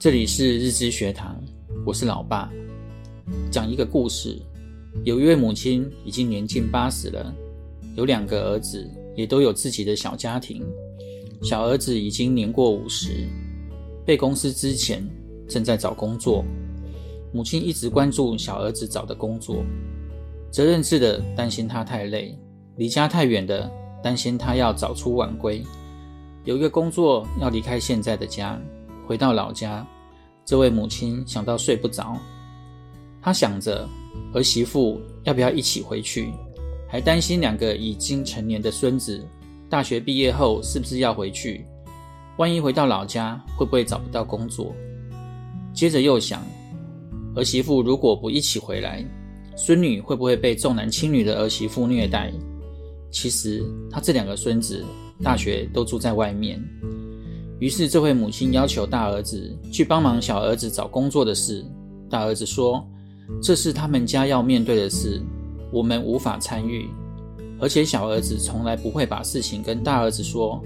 這裡是日知學堂，我是老爸。講一個故事：有一位母親已經年近八十了，有兩個兒子，也都有自己的小家庭。小兒子已經年過五十，被公司之前正在找工作。母親一直關注小兒子找的工作，責任制的擔心他太累，離家太遠的擔心他要早出晚歸，有一個工作要離開現在的家。回到老家，這位母親想到睡不着，她想着兒媳婦要不要一起回去，還擔心兩個已經成年的孫子大學畢業後是不是要回去，萬一回到老家會不會找不到工作？接着又想，兒媳婦如果不一起回來，孫女會不會被重男輕女的兒媳婦虐待？其實，她這兩個孫子大學都住在外面。於是，這位母親要求大兒子去幫忙小兒子找工作的事。大兒子說：“這是他們家要面對的事，我們無法參與。而且小兒子從來不會把事情跟大兒子說。”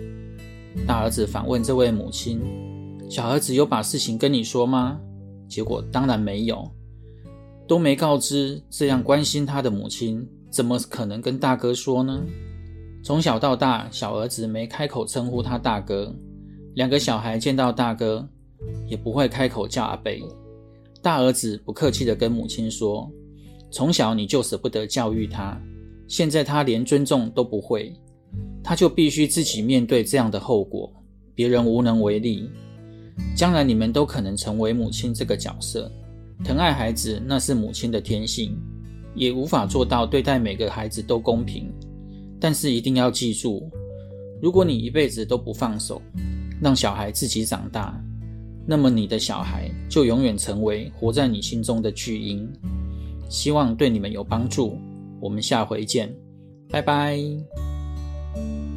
大兒子反問這位母親：“小兒子有把事情跟你說嗎？”結果當然沒有，都沒告知。這樣關心他的母親，怎麼可能跟大哥說呢？從小到大，小兒子沒開口稱呼他大哥。兩個小孩見到大哥，也不會開口叫阿伯。大兒子不客氣地跟母親說：“從小你就捨不得教育他，現在他連尊重都不會，他就必須自己面對這樣的後果。別人無能為力。將來你們都可能成為母親這個角色，疼愛孩子那是母親的天性，也無法做到對待每個孩子都公平。但是一定要記住，如果你一輩子都不放手。”讓小孩自己長大，那麼你的小孩就永遠成為活在你心中的巨嬰。希望對你們有幫助，我們下回見，拜拜。